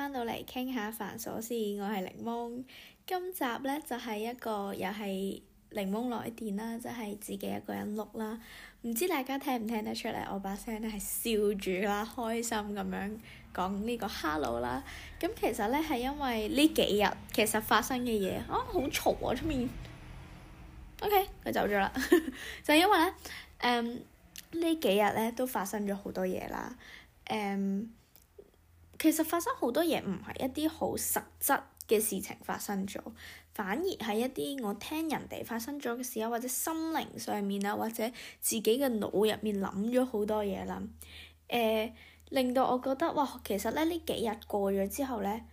翻到嚟傾下煩瑣事，我係檸檬。今集呢，就係、是、一個又係檸檬來電啦，即、就、係、是、自己一個人錄啦。唔知大家聽唔聽得出嚟？我把聲咧係笑住啦，開心咁樣講呢個 hello 啦。咁其實呢，係因為呢幾日其實發生嘅嘢哦，好嘈啊出面啊。OK，佢走咗啦。 就因為呢，誒、嗯、呢幾日呢，都發生咗好多嘢啦誒。嗯其實發生好多嘢，唔係一啲好實質嘅事情發生咗，反而係一啲我聽人哋發生咗嘅事啊，或者心靈上面啊，或者自己嘅腦入面諗咗好多嘢啦。誒、呃，令到我覺得哇，其實咧呢幾日過咗之後咧，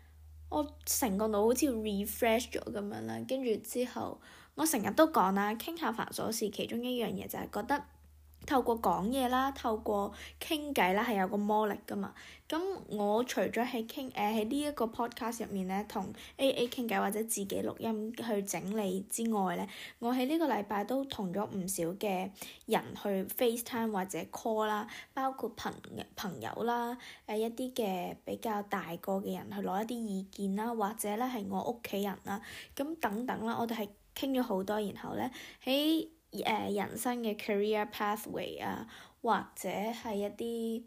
我成個腦好似 refresh 咗咁樣啦。跟住之後，我成日都講啦，傾下煩瑣事，其中一樣嘢就係覺得。透過講嘢啦，透過傾偈啦，係有個魔力㗎嘛。咁我除咗喺傾誒喺呢一個 podcast 入面咧，同 AA 傾偈或者自己錄音去整理之外咧，我喺呢個禮拜都同咗唔少嘅人去 FaceTime 或者 call 啦，包括朋朋友啦，誒、呃、一啲嘅比較大個嘅人去攞一啲意見啦，或者咧係我屋企人啦，咁等等啦，我哋係傾咗好多，然後咧喺。呃、人生嘅 career pathway 啊，或者係一啲，誒、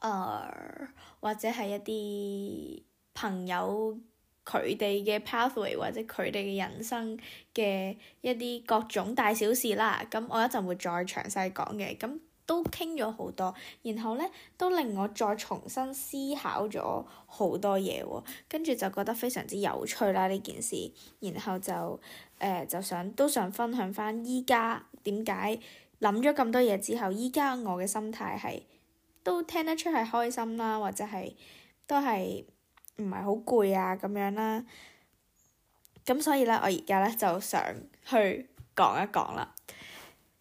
呃、或者係一啲朋友佢哋嘅 pathway，或者佢哋嘅人生嘅一啲各種大小事啦，咁、嗯、我一陣會再詳細講嘅，咁、嗯。都傾咗好多，然後呢，都令我再重新思考咗好多嘢喎，跟住就覺得非常之有趣啦，呢件事，然後就誒、呃、就想都想分享翻依家點解諗咗咁多嘢之後，依家我嘅心態係都聽得出係開心啦，或者係都係唔係好攰啊咁樣啦，咁所以呢，我而家呢，就想去講一講啦。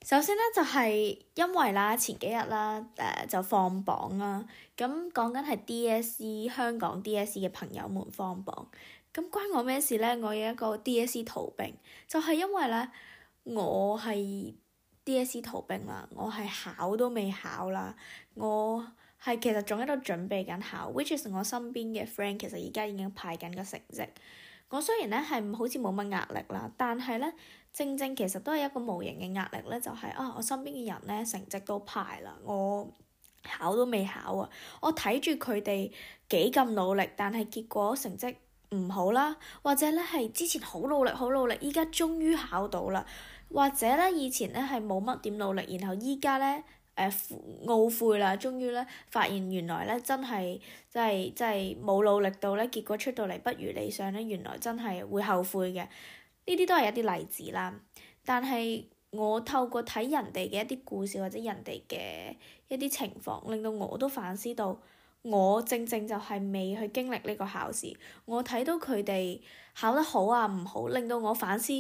首先咧就係因為啦，前幾日啦，誒就放榜啦，咁講緊係 DSE 香港 DSE 嘅朋友們放榜，咁關我咩事呢？我有一個 DSE 逃兵，就係因為咧我係 DSE 逃兵啦，我係考都未考啦，我係其實仲喺度準備緊考，which is 我身邊嘅 friend 其實而家已經派緊個成績，我雖然咧係好似冇乜壓力啦，但係咧，正正其實都係一個無形嘅壓力咧，就係啊，我身邊嘅人咧成績都排啦，我考都未考啊，我睇住佢哋幾咁努力，但係結果成績唔好啦，或者咧係之前好努力好努力，依家終於考到啦，或者咧以前咧係冇乜點努力，然後依家咧誒懊悔啦，終於咧發現原來咧真係真係真係冇努力到咧，結果出到嚟不如理想咧，原來真係會後悔嘅。呢啲都係一啲例子啦，但係我透過睇人哋嘅一啲故事或者人哋嘅一啲情況，令到我都反思到，我正正就係未去經歷呢個考試。我睇到佢哋考得好啊好，唔好令到我反思。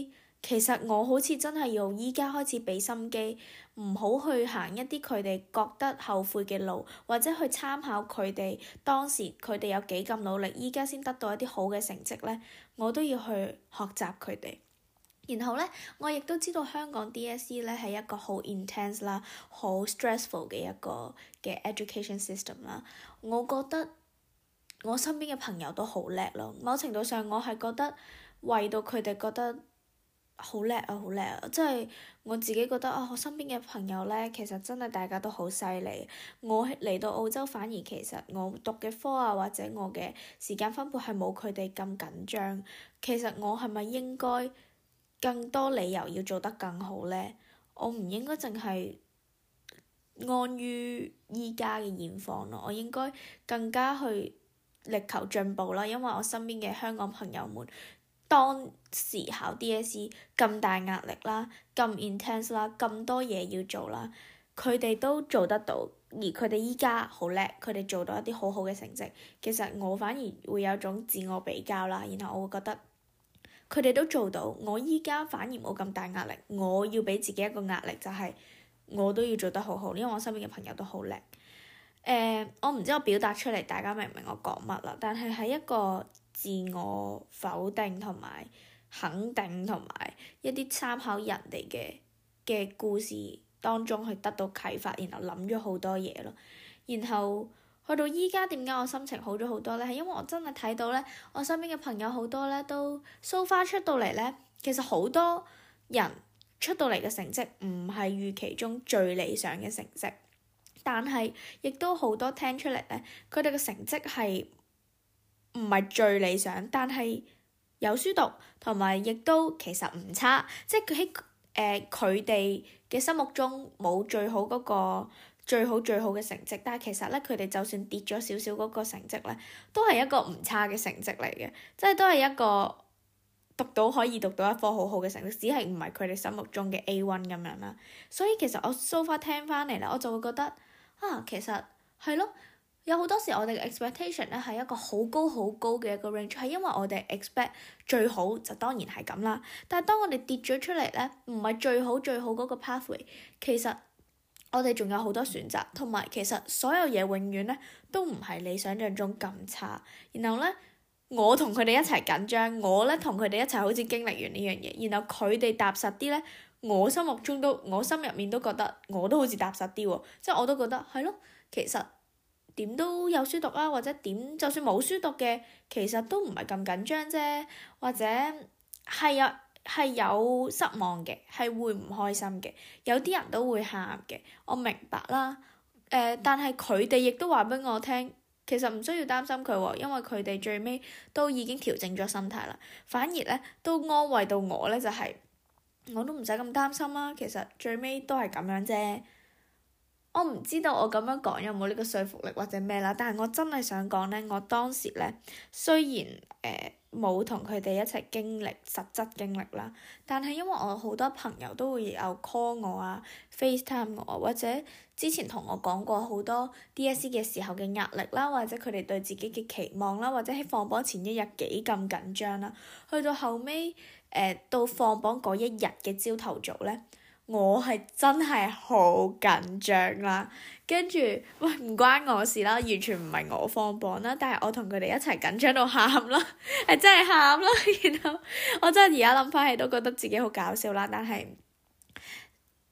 其實我好似真係要依家開始俾心機，唔好去行一啲佢哋覺得後悔嘅路，或者去參考佢哋當時佢哋有幾咁努力，依家先得到一啲好嘅成績咧。我都要去學習佢哋，然後呢，我亦都知道香港 DSE 呢係一個好 intense 啦、好 stressful 嘅一個嘅 education system 啦。我覺得我身邊嘅朋友都好叻咯，某程度上我係覺得為到佢哋覺得。好叻啊，好叻啊！即係我自己覺得啊、哦，我身邊嘅朋友咧，其實真係大家都好犀利。我嚟到澳洲反而其實我讀嘅科啊，或者我嘅時間分配係冇佢哋咁緊張。其實我係咪應該更多理由要做得更好咧？我唔應該淨係安於依家嘅現況咯。我應該更加去力求進步啦，因為我身邊嘅香港朋友們。當時考 DSE 咁大壓力啦，咁 intense 啦，咁多嘢要做啦，佢哋都做得到，而佢哋依家好叻，佢哋做到一啲好好嘅成績。其實我反而會有種自我比較啦，然後我會覺得佢哋都做到，我依家反而冇咁大壓力。我要俾自己一個壓力就係、是、我都要做得好好，因為我身邊嘅朋友都好叻。誒、呃，我唔知我表達出嚟大家明唔明我講乜啦，但係喺一個自我否定同埋肯定同埋一啲參考人哋嘅嘅故事當中去得到啟發，然後諗咗好多嘢咯。然後去到依家點解我心情好咗好多咧？係因為我真係睇到咧，我身邊嘅朋友好多咧都 so far 出到嚟咧。其實好多人出到嚟嘅成績唔係預期中最理想嘅成績，但係亦都好多聽出嚟咧，佢哋嘅成績係。唔係最理想，但係有書讀同埋亦都其實唔差。即係佢喺誒佢哋嘅心目中冇最好嗰個最好最好嘅成績，但係其實咧佢哋就算跌咗少少嗰個成績咧，都係一個唔差嘅成績嚟嘅，即係都係一個讀到可以讀到一科好好嘅成績，只係唔係佢哋心目中嘅 A one 咁樣啦。所以其實我 so far 聽翻嚟啦，我就會覺得啊，其實係咯。有好多時我，我哋嘅 expectation 咧係一個好高好高嘅一個 range，係因為我哋 expect 最好就當然係咁啦。但係當我哋跌咗出嚟咧，唔係最好最好嗰個 pathway，其實我哋仲有好多選擇，同埋其實所有嘢永遠咧都唔係你想像中咁差。然後咧，我同佢哋一齊緊張，我咧同佢哋一齊好似經歷完呢樣嘢。然後佢哋踏實啲咧，我心目中都我心入面都，都覺得我都好似踏實啲喎，即係我都覺得係咯。其實。點都有書讀啊，或者點就算冇書讀嘅，其實都唔係咁緊張啫。或者係有係有失望嘅，係會唔開心嘅，有啲人都會喊嘅。我明白啦。呃、但係佢哋亦都話俾我聽，其實唔需要擔心佢喎、哦，因為佢哋最尾都已經調整咗心態啦。反而咧都安慰到我咧，就係、係、我都唔使咁擔心啦。其實最尾都係咁樣啫。我唔知道我咁樣講有冇呢個說服力或者咩啦，但係我真係想講呢。我當時呢，雖然誒冇同佢哋一齊經歷實質經歷啦，但係因為我好多朋友都會有 call 我啊，FaceTime 我或者之前同我講過好多 DSE 嘅時候嘅壓力啦，或者佢哋對自己嘅期望啦，或者喺放榜前一日幾咁緊張啦，去到後尾，誒、呃、到放榜嗰一日嘅朝頭早呢。我係真係好緊張啦，跟住喂，唔關我事啦，完全唔係我放榜啦，但係我同佢哋一齊緊張到喊囉，係、 欸、真係喊囉。然後我真係而家諗返起都覺得自己好搞笑啦，但係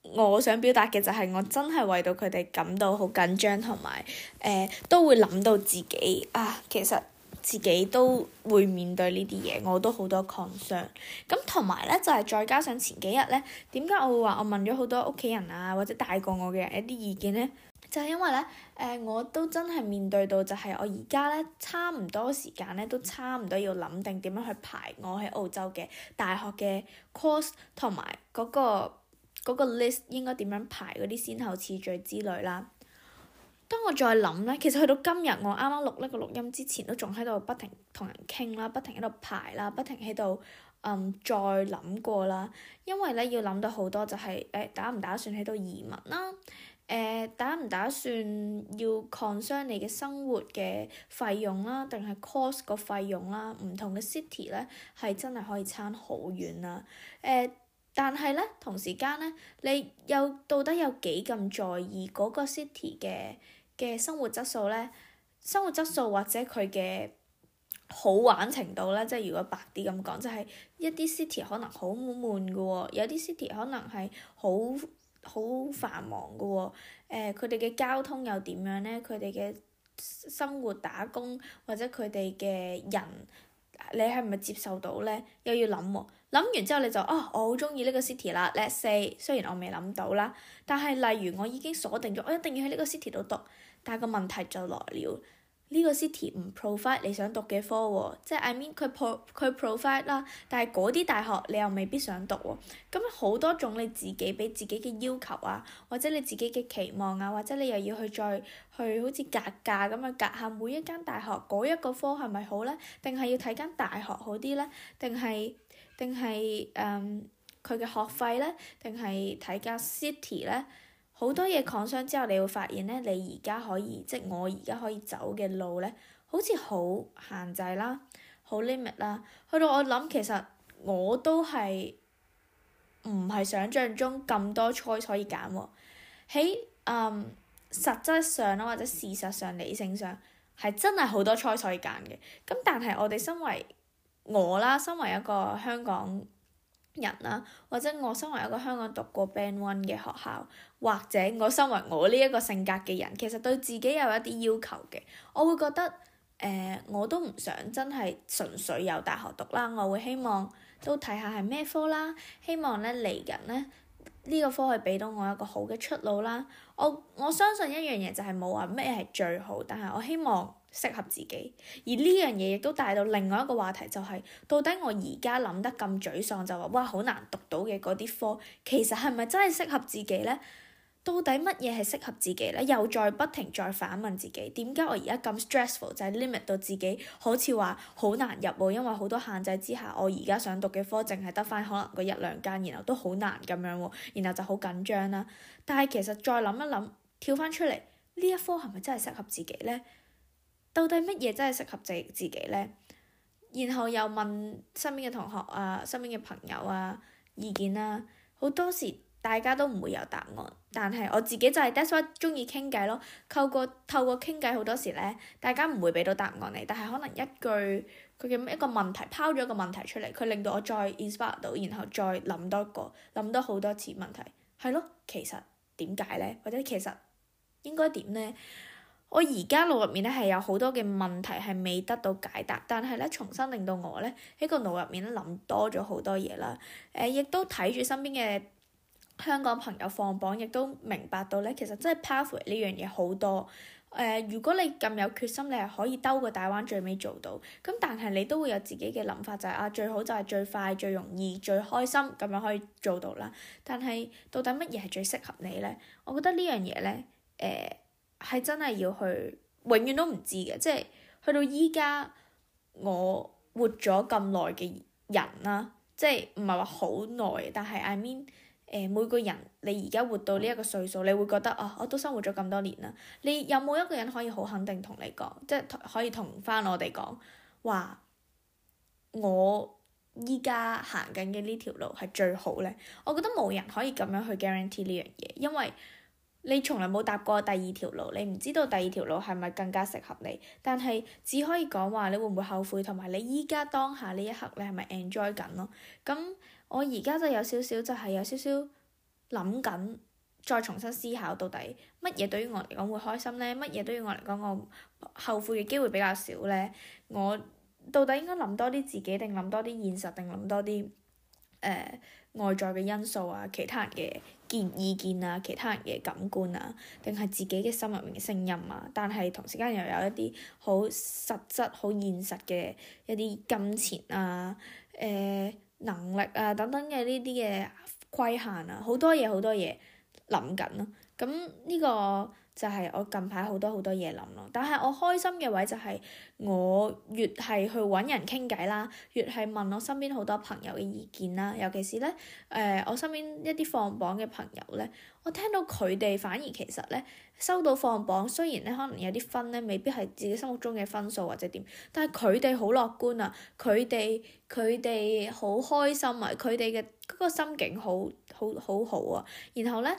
我想表達嘅就係我真係為到佢哋感到好緊張，同埋誒都會諗到自己啊，其實。自己都會面對呢啲嘢，我都好多 concern。咁同埋呢，就係、是、再加上前幾日呢，點解我會話我問咗好多屋企人啊，或者大過我嘅人一啲意見呢？就係、是、因為呢，誒、呃、我都真係面對到，就係我而家呢，差唔多時間呢，都差唔多要諗定點樣去排我喺澳洲嘅大學嘅 course 同埋嗰個嗰、嗰個 list 應該點樣排嗰啲先後次序之類啦。當我再諗咧，其實去到今日，我啱啱錄呢個錄音之前都仲喺度不停同人傾啦，不停喺度排啦，不停喺度嗯再諗過啦，因為咧要諗到好多、就是，就係誒打唔打算喺度移民啦，誒、呃、打唔打算要 concern 你嘅生活嘅費用啦，定係 cost 個費用啦，唔同嘅 city 咧係真係可以差好遠啦，誒、呃，但係咧同時間咧你又到底有幾咁在意嗰個 city 嘅？嘅生活質素咧，生活質素或者佢嘅好玩程度咧，即係如果白啲咁講，就係一啲 city 可能好悶悶㗎喎，有啲 city 可能係好好繁忙㗎喎，誒佢哋嘅交通又點樣咧？佢哋嘅生活打工或者佢哋嘅人，你係咪接受到咧？又要諗喎。諗完之後你就哦，我好中意呢個 city 啦。Let’s see，雖然我未諗到啦，但係例如我已經鎖定咗，我一定要喺呢個 city 度讀。但係個問題就來了，呢個 city 唔 provide 你想讀嘅科喎，即係 I mean 佢 pro 佢 provide 啦，但係嗰啲大學你又未必想讀喎。咁好多種你自己俾自己嘅要求啊，或者你自己嘅期望啊，或者你又要去再去好似格價咁樣格下每一間大學嗰一個科係咪好呢？定係要睇間大學好啲呢？定係？定係誒佢嘅學費咧，定係睇架 city 咧，好多嘢擴張之後，你會發現咧，你而家可以即我而家可以走嘅路咧，好似好限制啦，好 limit 啦。去到我諗，其實我都係唔係想象中咁多 choice 可以揀喎。喺、嗯、誒實質上啦，或者事實上、理性上，係真係好多 choice 可以揀嘅。咁但係我哋身為我啦，身為一個香港人啦，或者我身為一個香港讀過 Band One 嘅學校，或者我身為我呢一個性格嘅人，其實對自己有一啲要求嘅。我會覺得，誒、呃，我都唔想真係純粹有大學讀啦，我會希望都睇下係咩科啦，希望咧嚟緊咧呢，呢、呢個科係俾到我一個好嘅出路啦。我我相信一樣嘢就係冇話咩係最好，但係我希望。適合自己，而呢樣嘢亦都帶到另外一個話題，就是，就係到底我而家諗得咁沮喪，就話哇好難讀到嘅嗰啲科，其實係咪真係適合自己呢？到底乜嘢係適合自己呢？」又再不停再反問自己，點解我而家咁 stressful，就係 limit 到自己好似話好難入喎？因為好多限制之下，我而家想讀嘅科，淨係得返可能個一兩間，然後都好難咁樣，然後就好緊張啦。但係其實再諗一諗，跳返出嚟呢一科係咪真係適合自己呢？到底乜嘢真係適合自己自己呢？然後又問身邊嘅同學啊、身邊嘅朋友啊意見啦、啊。好多時大家都唔會有答案，但係我自己就係 that's why 鍾意傾偈咯。透過透過傾偈，好多時呢，大家唔會俾到答案你，但係可能一句佢嘅一個問題，拋咗一個問題出嚟，佢令到我再 inspire 到，然後再諗多個、諗多好多次問題。係咯，其實點解呢？或者其實應該點呢？我而家腦入面咧係有好多嘅問題係未得到解答，但係咧重新令到我咧喺個腦入面咧諗多咗好多嘢啦。誒、呃，亦都睇住身邊嘅香港朋友放榜，亦都明白到咧，其實真係 pathway 呢樣嘢好多。誒、呃，如果你咁有決心，你係可以兜個大彎最尾做到。咁但係你都會有自己嘅諗法、就係，就係啊，最好就係最快、最容易、最開心咁樣可以做到啦。但係到底乜嘢係最適合你咧？我覺得呢樣嘢咧，誒、呃。係真係要去，永遠都唔知嘅。即係去到依家，我活咗咁耐嘅人啦，即係唔係話好耐？但係 I mean，誒、呃、每個人你而家活到呢一個歲數，你會覺得啊、哦，我都生活咗咁多年啦。你有冇一個人可以好肯定同你講，即係可以同翻我哋講話，我依家行緊嘅呢條路係最好咧？我覺得冇人可以咁樣去 guarantee 呢樣嘢，因為。你從來冇搭過第二條路，你唔知道第二條路係咪更加適合你，但係只可以講話你會唔會後悔，同埋你依家當下呢一刻你係咪 enjoy 緊咯？咁我而家就有少少就係、是、有少少諗緊，再重新思考到底乜嘢對於我嚟講會開心呢？乜嘢對於我嚟講我後悔嘅機會比較少呢？我到底應該諗多啲自己，定諗多啲現實，定諗多啲誒、呃、外在嘅因素啊？其他人嘅？意見，見啊，其他人嘅感官啊，定係自己嘅心入面嘅聲音啊，但係同時間又有一啲好實質、好現實嘅一啲金錢啊、誒、呃、能力啊等等嘅呢啲嘅規限啊，好多嘢好多嘢諗緊咯，咁呢個。就係我近排好多好多嘢諗咯，但係我開心嘅位就係我越係去揾人傾偈啦，越係問我身邊好多朋友嘅意見啦，尤其是呢，誒、呃、我身邊一啲放榜嘅朋友呢。我聽到佢哋反而其實呢，收到放榜，雖然呢可能有啲分呢未必係自己心目中嘅分數或者點，但係佢哋好樂觀啊，佢哋佢哋好開心啊，佢哋嘅嗰個心境好好好好啊，然後呢。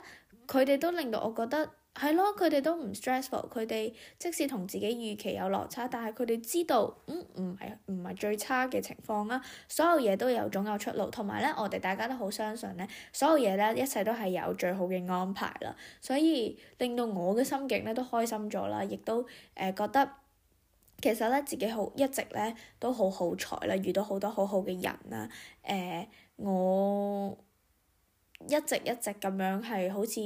佢哋都令到我覺得係咯，佢哋都唔 stressful。佢哋即使同自己預期有落差，但係佢哋知道，嗯，唔係唔係最差嘅情況啦。所有嘢都有總有出路，同埋咧，我哋大家都好相信咧，所有嘢咧，一切都係有最好嘅安排啦。所以令到我嘅心境咧都開心咗啦，亦都誒、呃、覺得其實咧自己好一直咧都好好彩啦，遇到好多好好嘅人啦，誒、呃、我。一直一直咁樣係好似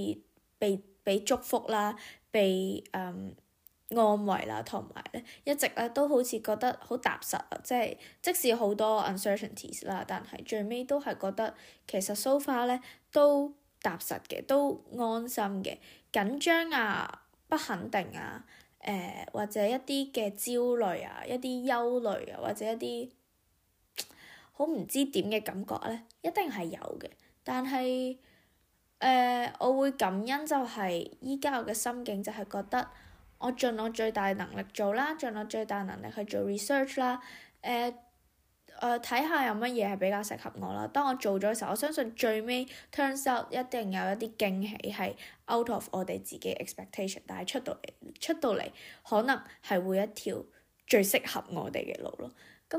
被被祝福啦，被誒、嗯、安慰啦，同埋咧一直咧都好似覺得好踏實啊，即係即使好多 uncertainties 啦，但係最尾都係覺得其實 so far 咧都踏實嘅，都安心嘅，緊張啊、不肯定啊、誒、呃、或者一啲嘅焦慮啊、一啲憂慮啊，或者一啲好唔知點嘅感覺咧，一定係有嘅。但係，誒、呃，我會感恩就係依家我嘅心境就係覺得我盡我最大能力做啦，盡我最大能力去做 research 啦，誒、呃，誒、呃，睇下有乜嘢係比較適合我啦。當我做咗嘅時候，我相信最尾 turns out 一定有一啲驚喜係 out of 我哋自己 expectation，但係出到嚟出到嚟可能係會一條最適合我哋嘅路咯。咁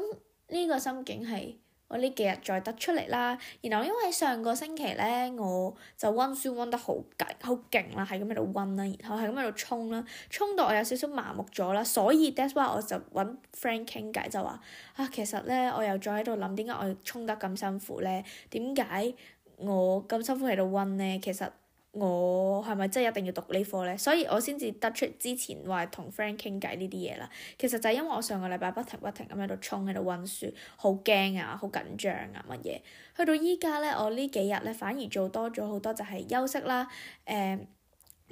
呢個心境係。我呢幾日再得出嚟啦，然後因為上個星期咧，我就温書温得好勁好勁啦，係咁喺度温啦，然後係咁喺度衝啦，衝到我有少少麻木咗啦，所以 that's why 我就揾 friend 傾偈就話啊，其實咧我又再喺度諗點解我衝得咁辛苦咧，點解我咁辛苦喺度温咧，其實。我係咪真係一定要讀呢科呢？所以我先至得出之前話同 friend 傾偈呢啲嘢啦。其實就係因為我上個禮拜不停不停咁喺度衝喺度温書，好驚啊，好緊張啊，乜嘢？去到依家呢？我呢幾日呢，反而做多咗好多，就係、是、休息啦，誒、呃，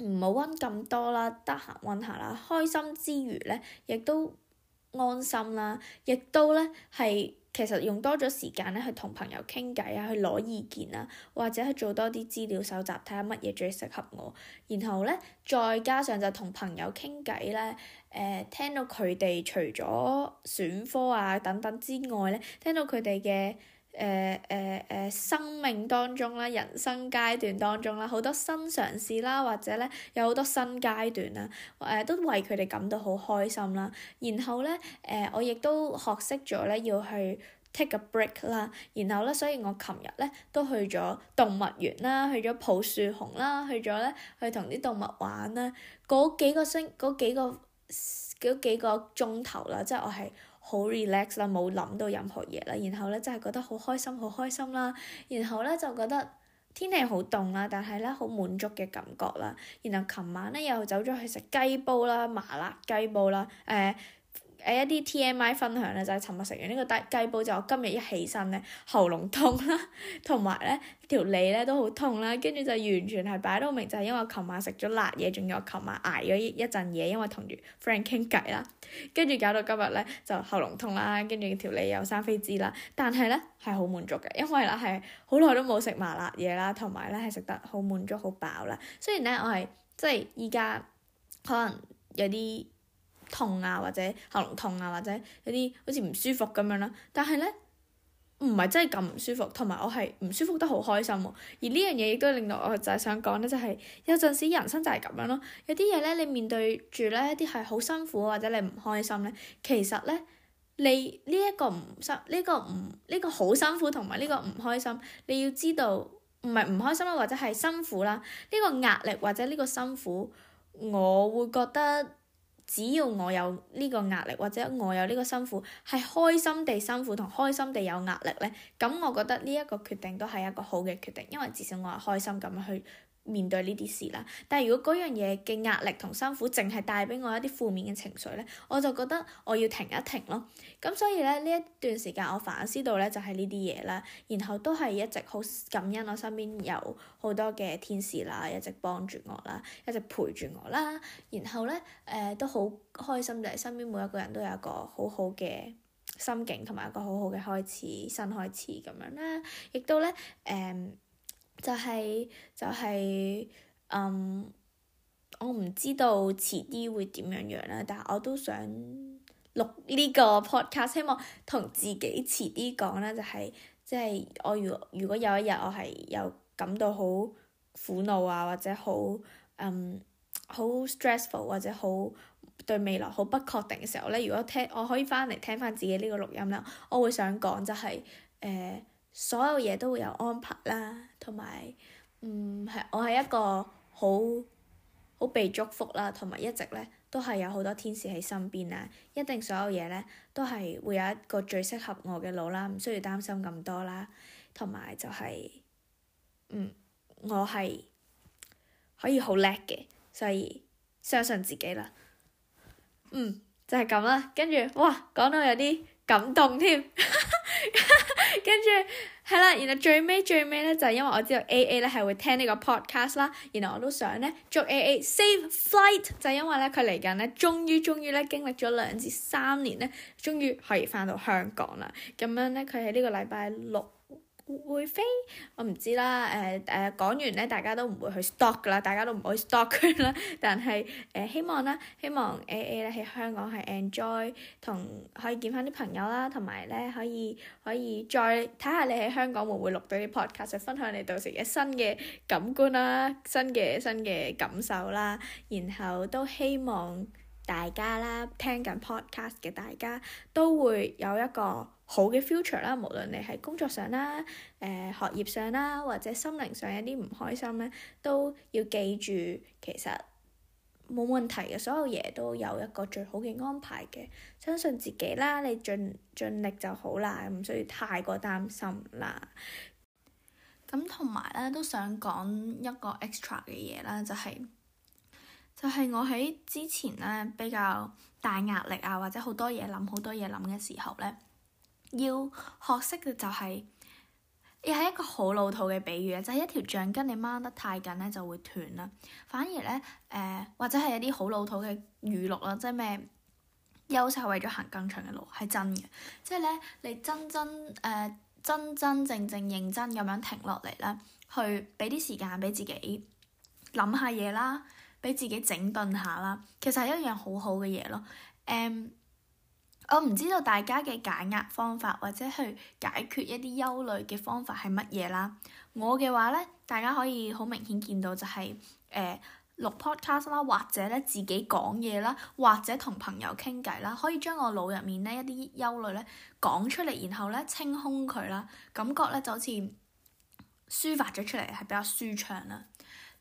唔好温咁多啦，得閒温下啦，開心之餘呢，亦都安心啦，亦都呢係。其實用多咗時間咧，去同朋友傾偈啊，去攞意見啊，或者去做多啲資料搜集，睇下乜嘢最適合我。然後咧，再加上就同朋友傾偈咧，誒、呃，聽到佢哋除咗選科啊等等之外咧，聽到佢哋嘅。誒誒誒，生命當中啦，人生階段當中啦，好多新嘗試啦，或者咧有好多新階段啦，誒、呃、都為佢哋感到好開心啦。然後咧，誒、呃、我亦都學識咗咧要去 take a break 啦。然後咧，所以我琴日咧都去咗動物園啦，去咗抱樹熊啦，去咗咧去同啲動物玩啦。嗰幾個星嗰幾個嗰幾個鐘頭啦，即係我係。好 relax 啦，冇諗到任何嘢啦，然後咧真係覺得好開心，好開心啦，然後咧就覺得天氣好凍啦，但係咧好滿足嘅感覺啦，然後琴晚咧又走咗去食雞煲啦，麻辣雞煲啦，誒、呃。誒一啲 TMI 分享咧，就係尋日食完呢個雞煲就我今日一起身咧，喉嚨痛啦，同埋咧條脷咧都好痛啦，跟住就完全係擺到明，就係因為我琴晚食咗辣嘢，仲要我琴晚挨咗一陣嘢，因為同住 friend 傾偈啦，跟住搞到今日咧就喉嚨痛啦，跟住條脷又生飛滋啦，但係咧係好滿足嘅，因為啦係好耐都冇食麻辣嘢啦，同埋咧係食得好滿足好飽啦，雖然咧我係即係依家可能有啲。痛啊，或者喉嚨痛啊，或者有啲好似唔舒服咁樣啦。但係咧，唔係真係咁唔舒服，同埋我係唔舒服得好開心。而呢樣嘢亦都令到我就係想講咧、就係，就係有陣時人生就係咁樣咯。有啲嘢咧，你面對住咧一啲係好辛苦，或者你唔開心咧，其實咧，你呢一個唔辛呢個唔呢、呢個好辛苦，同埋呢個唔開心，你要知道唔係唔開心啦，或者係辛苦啦。呢、呢個壓力或者呢個辛苦，我會覺得。只要我有呢個壓力，或者我有呢個辛苦，係開心地辛苦同開心地有壓力咧，咁我覺得呢一個決定都係一個好嘅決定，因為至少我係開心咁去面對呢啲事啦，但係如果嗰樣嘢嘅壓力同辛苦，淨係帶俾我一啲負面嘅情緒呢，我就覺得我要停一停咯。咁所以咧呢一段時間，我反思到呢就係呢啲嘢啦，然後都係一直好感恩我身邊有好多嘅天使啦，一直幫住我啦，一直陪住我啦。然後呢，誒、呃、都好開心，就係身邊每一個人都有一個好好嘅心境同埋一個好好嘅開始，新開始咁樣啦。亦都呢。誒、嗯。就係就係嗯，我唔知道遲啲會點樣樣啦，但係我都想錄呢個 podcast，希望同自己遲啲講啦。就係即係我如如果有一日我係有感到好苦惱啊，或者好嗯好 stressful，或者好對未來好不確定嘅時候咧，如果聽我可以翻嚟聽翻自己呢個錄音啦，我會想講就係誒。呃所有嘢都會有安排啦，同埋，嗯，係我係一個好，好被祝福啦，同埋一直咧都係有好多天使喺身邊啊！一定所有嘢咧都係會有一個最適合我嘅路啦，唔需要擔心咁多啦，同埋就係、是，嗯，我係可以好叻嘅，所以相信自己啦。嗯，就係、是、咁啦，跟住哇，講到有啲感動添。 跟住係啦，然後最尾最尾咧，就係因為我知道 A A 咧係會聽呢個 podcast 啦，然後我都想咧祝 A A safe flight，就因為咧佢嚟緊咧，終於終於咧經歷咗兩至三年咧，終於可以翻到香港啦。咁樣咧，佢喺呢個禮拜六。會飛，我唔知啦。誒、呃、誒，講完咧，大家都唔會去 stalk 噶啦，大家都唔會 stalk 佢啦。但係誒、呃，希望啦，希望 A A 咧喺香港係 enjoy 同可以見翻啲朋友啦，同埋咧可以可以再睇下你喺香港會唔會錄到啲 podcast，分享你到時嘅新嘅感官啦，新嘅新嘅感受啦。然後都希望大家啦，聽緊 podcast 嘅大家都會有一個。好嘅 future 啦，無論你係工作上啦、誒、呃、學業上啦，或者心靈上有啲唔開心咧，都要記住其實冇問題嘅，所有嘢都有一個最好嘅安排嘅。相信自己啦，你盡盡力就好啦，唔需要太過擔心啦。咁同埋咧，都想講一個 extra 嘅嘢啦，就係、是、就係、是、我喺之前咧比較大壓力啊，或者好多嘢諗，好多嘢諗嘅時候咧。要學識嘅就係又係一個好老土嘅比喻啊，就係、是、一條橡筋你掹得太緊咧就會斷啦。反而咧誒、呃，或者係一啲好老土嘅語錄啦，即係咩休息係為咗行更長嘅路係真嘅。即係咧，你真真誒、呃、真真正正認真咁樣停落嚟咧，去俾啲時間俾自己諗下嘢啦，俾自己整頓下啦，其實係一樣好好嘅嘢咯，誒、嗯。我唔知道大家嘅解壓方法，或者去解決一啲憂慮嘅方法係乜嘢啦。我嘅話呢，大家可以好明顯見到就係誒錄 podcast 啦，或者呢自己講嘢啦，或者同朋友傾偈啦，可以將我腦入面呢一啲憂慮呢講出嚟，然後呢清空佢啦，感覺呢就好似抒發咗出嚟，係比較舒暢啦。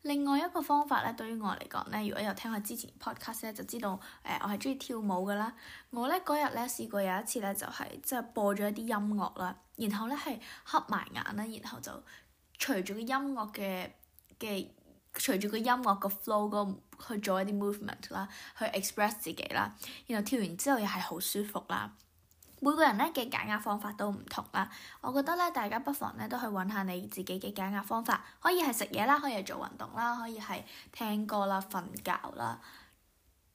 另外一個方法咧，對於我嚟講咧，如果有聽我之前 podcast 咧，就知道誒、呃，我係中意跳舞噶啦。我咧嗰日咧試過有一次咧，就係即係播咗一啲音樂啦，然後咧係黑埋眼啦，然後就隨住個音樂嘅嘅，隨住個音樂個 flow 去做一啲 movement 啦，去 express 自己啦，然後跳完之後又係好舒服啦。每個人咧嘅解壓方法都唔同啦。我覺得咧，大家不妨咧都去揾下你自己嘅解壓方法，可以係食嘢啦，可以係做運動啦，可以係聽歌啦、瞓覺啦，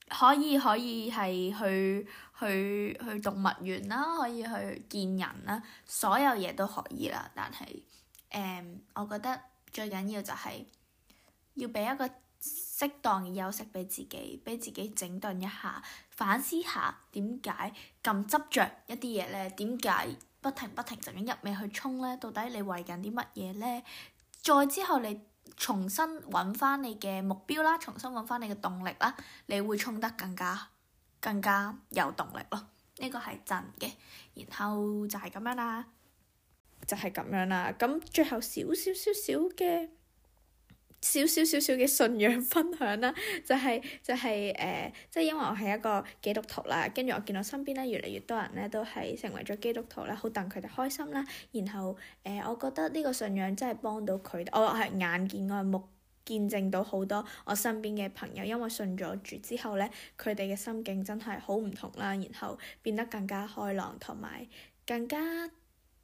可以可以係去去去動物園啦，可以去見人啦，所有嘢都可以啦。但係誒，嗯，我覺得最緊要就係要俾一個。適當休息俾自己，俾自己整頓一下，反思下點解咁執着一啲嘢呢？點解不停不停就咁一味去衝呢？到底你為緊啲乜嘢呢？再之後你重新搵翻你嘅目標啦，重新搵翻你嘅動力啦，你會衝得更加更加有動力咯。呢個係真嘅，然後就係咁樣啦，啊，就係咁樣啦，啊。咁最後少少少少嘅。少少少少嘅信仰分享啦，就係，就係，誒，即係因為我係一個基督徒啦，跟住我見到身邊咧越嚟越多人咧都係成為咗基督徒啦，好戥佢哋開心啦。然後誒，我覺得呢個信仰真係幫到佢哋，我係眼見我係目見證到好多我身邊嘅朋友，因為信咗主之後咧，佢哋嘅心境真係好唔同啦，然後變得更加開朗同埋更加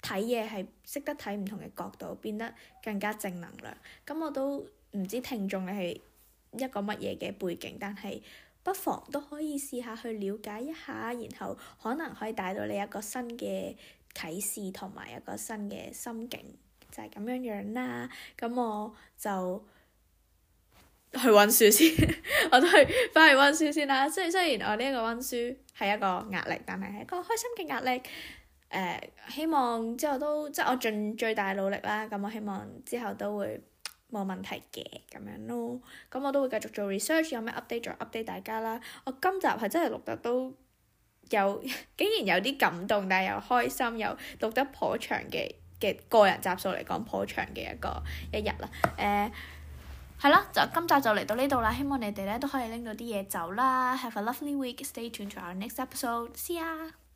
睇嘢係識得睇唔同嘅角度，變得更加正能量。咁我都～唔知聽眾你係一個乜嘢嘅背景，但係不妨都可以試下去了解一下，然後可能可以帶到你一個新嘅啟示同埋一個新嘅心境，就係咁樣樣啦。咁我就去溫書先， 我都去翻去溫書先啦。雖雖然我呢一個溫書係一個壓力，但係係一個開心嘅壓力。誒、呃，希望之後都即係我盡最大努力啦。咁我希望之後都會。冇問題嘅咁樣咯，咁我都會繼續做 research，有咩 update 再 update 大家啦。我今集係真係錄得都有，竟然有啲感動，但係又開心，又錄得頗長嘅嘅個人集數嚟講頗長嘅一個一日啦。誒，係啦，就今集就嚟到呢度啦。希望你哋咧都可以拎到啲嘢走啦。Have a lovely week. Stay tuned to our next episode. See ya.